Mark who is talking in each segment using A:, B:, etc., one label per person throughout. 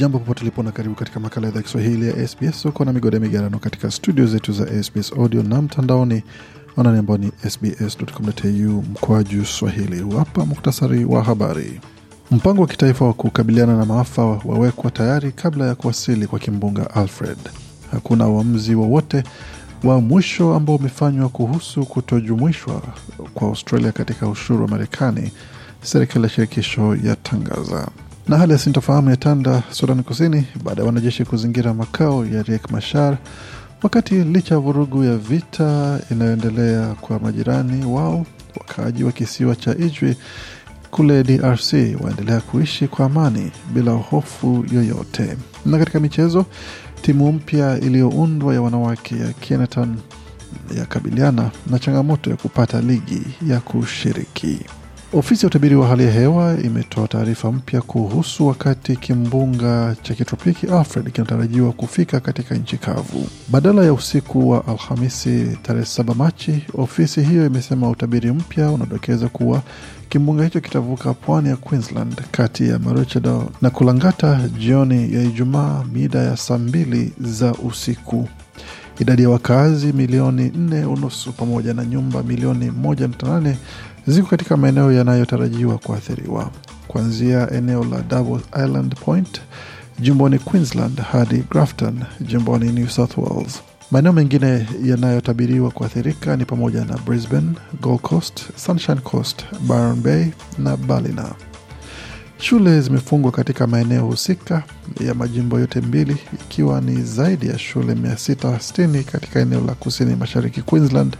A: Jambo popote ulipo na karibu katika makala ya idhaa Kiswahili ya SBS. Uko na migode migarano katika studio zetu za SBS audio na mtandaoni anani ambao ni sbs.com.au mkwaju swahili. Hapa muktasari wa habari. Mpango wa kitaifa wa kukabiliana na maafa wawekwa tayari kabla ya kuwasili kwa kimbunga Alfred. Hakuna uamuzi wowote wa, wa mwisho ambao umefanywa kuhusu kutojumuishwa kwa Australia katika ushuru wa Marekani, serikali ya shirikisho yatangaza. Na hali ya sintofahamu Sudani Kusini baada ya wanajeshi kuzingira makao ya Riek mashar wakati licha ya vurugu ya vita inayoendelea kwa majirani wao, wakaaji wa kisiwa cha Ijwi kule DRC waendelea kuishi kwa amani bila hofu yoyote. Na katika michezo, timu mpya iliyoundwa ya wanawake ya Kenetan yakabiliana na changamoto ya kupata ligi ya kushiriki. Ofisi ya utabiri wa hali ya hewa imetoa taarifa mpya kuhusu wakati kimbunga cha kitropiki Alfred kinatarajiwa kufika katika nchi kavu badala ya usiku wa Alhamisi tarehe 7 Machi. Ofisi hiyo imesema utabiri mpya unadokeza kuwa kimbunga hicho kitavuka pwani ya Queensland kati ya Maroochydore na Kulangata jioni ya Ijumaa mida ya saa mbili za usiku. Idadi ya wakazi milioni nne unusu pamoja na nyumba milioni moja nukta nane ziko katika maeneo yanayotarajiwa kuathiriwa kuanzia eneo la Double Island Point jimboni Queensland hadi Grafton jimboni New South Wales. Maeneo mengine yanayotabiriwa kuathirika ni pamoja na Brisbane, Gold Coast, Sunshine Coast, Byron Bay na Ballina. Shule zimefungwa katika maeneo husika ya majimbo yote mbili, ikiwa ni zaidi ya shule 660 katika eneo la kusini mashariki Queensland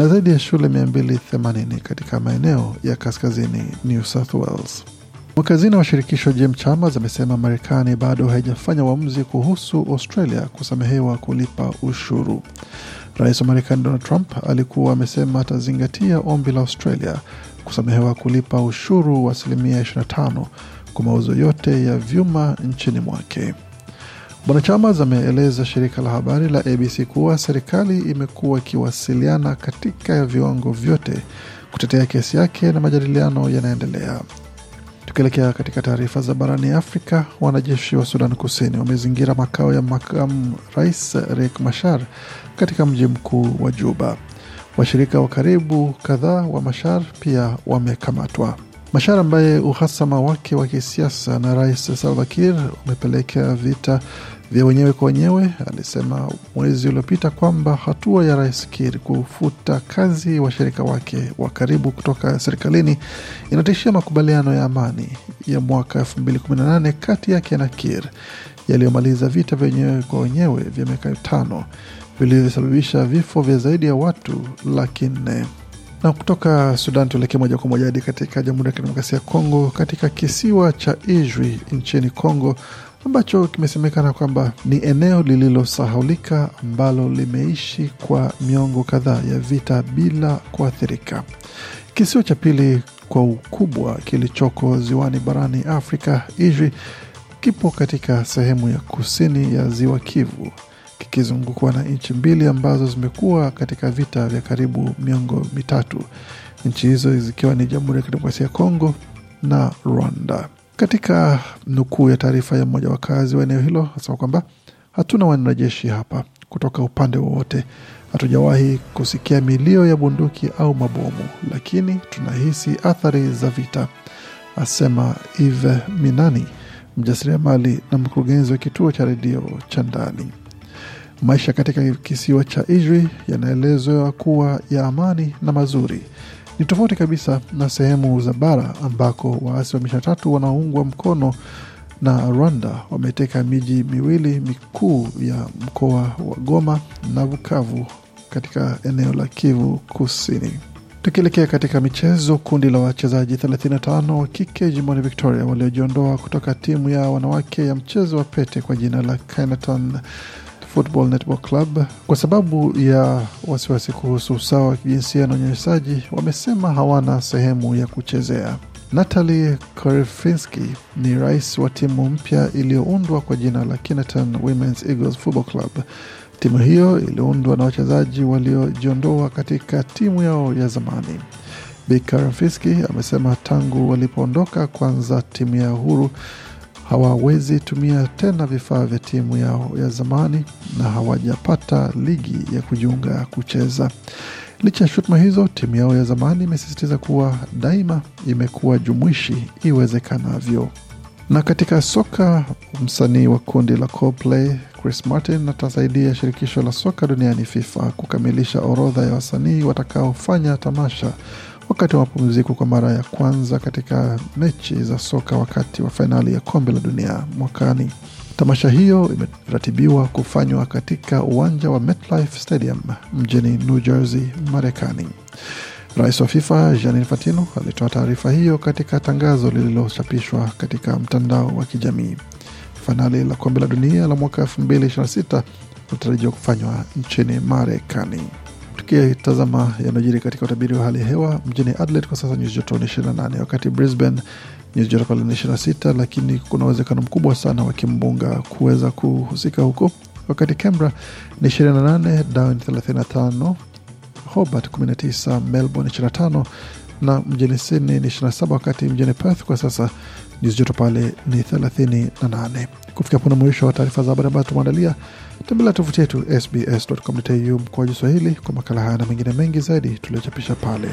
A: na zaidi ya shule 280 katika maeneo ya kaskazini New South Wales. Mwakazina wa shirikisho Jim Chalmers amesema Marekani bado haijafanya uamuzi kuhusu Australia kusamehewa kulipa ushuru. Rais wa Marekani Donald Trump alikuwa amesema atazingatia ombi la Australia kusamehewa kulipa ushuru wa asilimia 25 kwa mauzo yote ya vyuma nchini mwake. Bwana Chambers ameeleza shirika la habari la ABC kuwa serikali imekuwa ikiwasiliana katika viwango vyote kutetea kesi yake na majadiliano yanaendelea. Tukielekea katika taarifa za barani Afrika, wanajeshi wa Sudan Kusini wamezingira makao ya makamu rais Riek Machar katika mji mkuu wa Juba. Washirika wa karibu kadhaa wa Machar pia wamekamatwa mashara ambaye uhasama wake wa kisiasa na rais Salva Kiir umepelekea vita vya wenyewe kwa wenyewe, alisema mwezi uliopita kwamba hatua ya rais Kiir kufuta kazi washirika wake wa karibu kutoka serikalini inatishia makubaliano ya amani ya mwaka 2018 kati yake na Kiir yaliyomaliza vita vya wenyewe kwa wenyewe vya miaka tano vilivyosababisha vifo vya zaidi ya watu laki nne. Na kutoka Sudan tuelekee moja kwa moja hadi katika Jamhuri ya Kidemokrasia ya Kongo, katika kisiwa cha Ijwi nchini Kongo ambacho kimesemekana kwamba ni eneo lililosahaulika ambalo limeishi kwa miongo kadhaa ya vita bila kuathirika. Kisiwa cha pili kwa ukubwa kilichoko ziwani barani Afrika, Ijwi kipo katika sehemu ya kusini ya ziwa Kivu kikizungukwa na nchi mbili ambazo zimekuwa katika vita vya karibu miongo mitatu, nchi hizo zikiwa ni Jamhuri ya Kidemokrasia ya Kongo na Rwanda. Katika nukuu ya taarifa ya mmoja wakazi wa eneo hilo, asema kwamba hatuna wanajeshi hapa kutoka upande wowote. Hatujawahi kusikia milio ya bunduki au mabomu, lakini tunahisi athari za vita, asema Ive Minani, mjasiriamali na mkurugenzi wa kituo cha redio cha ndani. Maisha katika kisiwa cha Ijwi yanaelezwa kuwa ya amani na mazuri. Ni tofauti kabisa na sehemu za bara ambako waasi wa M23 wanaoungwa mkono na Rwanda wameteka miji miwili mikuu ya mkoa wa Goma na Bukavu katika eneo la Kivu Kusini. Tukielekea katika michezo, kundi la wachezaji 35 wa kike jimboni Victoria waliojiondoa kutoka timu ya wanawake ya mchezo wa pete kwa jina la Canatan Football Network Club kwa sababu ya wasiwasi kuhusu usawa wa kijinsia na unyanyasaji, wamesema hawana sehemu ya kuchezea. Natalie Korefinski ni rais wa timu mpya iliyoundwa kwa jina la Kineton Women's Eagles Football Club. Timu hiyo iliundwa na wachezaji waliojiondoa katika timu yao ya zamani. Bi amesema tangu walipoondoka kwanza timu ya huru hawawezi tumia tena vifaa vya timu yao ya zamani na hawajapata ligi ya kujiunga kucheza. Licha ya shutuma hizo, timu yao ya zamani imesisitiza kuwa daima imekuwa jumuishi iwezekanavyo. Na katika soka, msanii wa kundi la Coldplay Chris Martin atasaidia shirikisho la soka duniani FIFA kukamilisha orodha ya wasanii watakaofanya tamasha wakati wa mapumziko kwa mara ya kwanza katika mechi za soka wakati wa fainali ya kombe la dunia mwakani. Tamasha hiyo imeratibiwa kufanywa katika uwanja wa MetLife Stadium mjini New Jersey, Marekani. Rais wa FIFA Gianni Infantino alitoa taarifa hiyo katika tangazo lililochapishwa katika mtandao wa kijamii. Fainali la kombe la dunia la mwaka 2026 inatarajiwa kufanywa nchini Marekani. Tukitazama yanayojiri katika utabiri wa hali ya hewa mjini Adelaide kwa sasa nyuzi joto ni 28, wakati Brisbane nyuzi joto pale ni 26, lakini kuna uwezekano mkubwa sana wa kimbunga kuweza kuhusika huko, wakati Canberra ni 28, Darwin 35, Hobart 19, Melbourne 25 na mjini Sydney ni 27, wakati mjini Perth kwa sasa nyuzi joto pale ni 38. Kufikia hapo na mwisho wa taarifa za habari ambazo tumeandalia, tembelea tovuti yetu sbs.com.au mkoaji Swahili kwa makala haya na mengine mengi zaidi tuliochapisha pale.